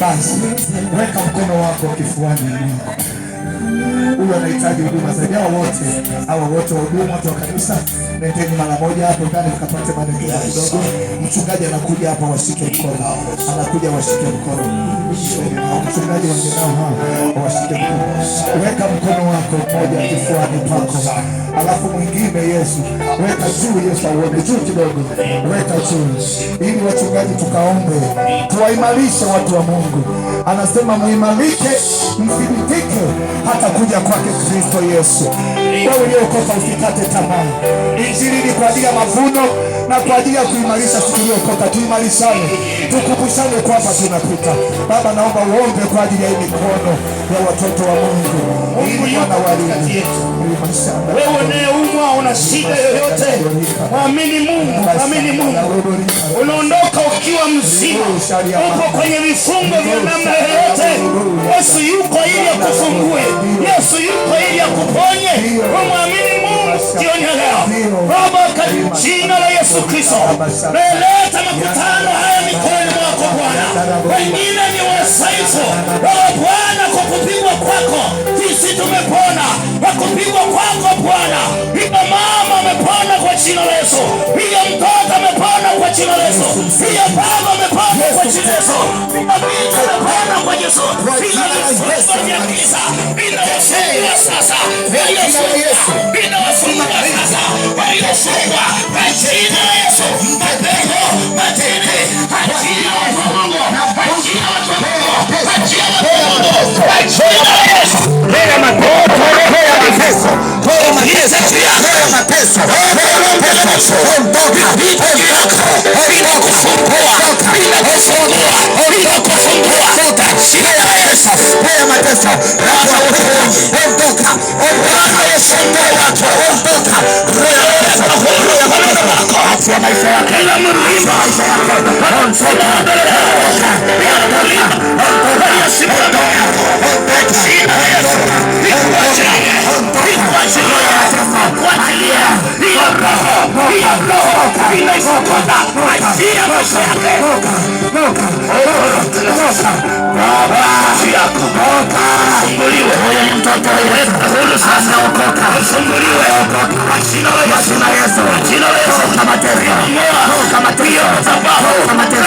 Basi weka mkono wako kifuani mwako. Huyu anahitaji huduma zaidi. Hawa wote hawa wote wahudumu, watu wa kanisa, nendeni mara moja hapo ndani mkapate maelekezo kidogo. Mchungaji anakuja hapa, washike mkono, anakuja washike mkono. Mchungaji wangenao hawa washike mkono, weka mkono wako mmoja kifuani pako, alafu mwingine. Yesu weka juu, Yesu auone juu kidogo, weka juu, ili wachungaji tukaombe, tuwaimarishe watu wa Mungu. Anasema muimarike, ha hata kuja kwake Kristo Yesu. Wewe uliokopa usikate tamaa. Injili ni kwa ajili ya mavuno na kwa ajili ya kuimarisha siku iliyokoka. Tuimarishane, tukumbushane kwamba tunapita. Baba, naomba uombe kwa ajili ya mikono ya watoto wa Mungu katikati yetu. Wewe unayeumwa, una shida yoyote, mwamini Mungu, mwamini Mungu, unaondoka ukiwa mzima. Upo kwenye vifungo vya namna yoyote, Yesu yuko ili akufungue. Yesu yuko ili akuponye. Umwamini Mungu jioni ya leo. Baba, katika jina la Yesu Kristo, naleta makutano haya mikononi mwako Bwana. Wengine ni wasaifu, Bwana, kwa kupigwa kwako sisi tumepona kwa kupigwa kwako Bwana. Hiyo mama amepona kwa jina la Yesu, hiyo mtoto amepona kwa jina la Yesu, hiyo baba amepona kwa jina la Yesu, hiyo binti amepona kwa Yesu, bila vifungo ya kisa bila wafungwa sasa, waliofungwa, bila wafungwa sasa, Yesu, kwa jina la Yesu. Haya mateso ondoka, achia maisha yake, maisha yake, ondoka, ondoka, ondoka, ondoka Bwana achia maisha yake usumbuliwe, huyo ni mtoto huyu sasa okoka, usumbuliwe kwa jina la Yesu, kwa jina la Yesu, kama tena kama tena sababu kama tena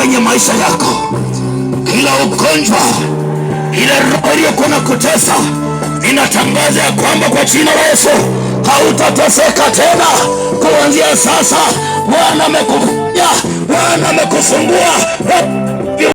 kwenye maisha yako. Kila ugonjwa, ile roho iliyokuwa na kutesa, inatangaza ya kwamba kwa jina la Yesu hautateseka tena kuanzia sasa. Bwana amekufungua, Bwana amekufungua.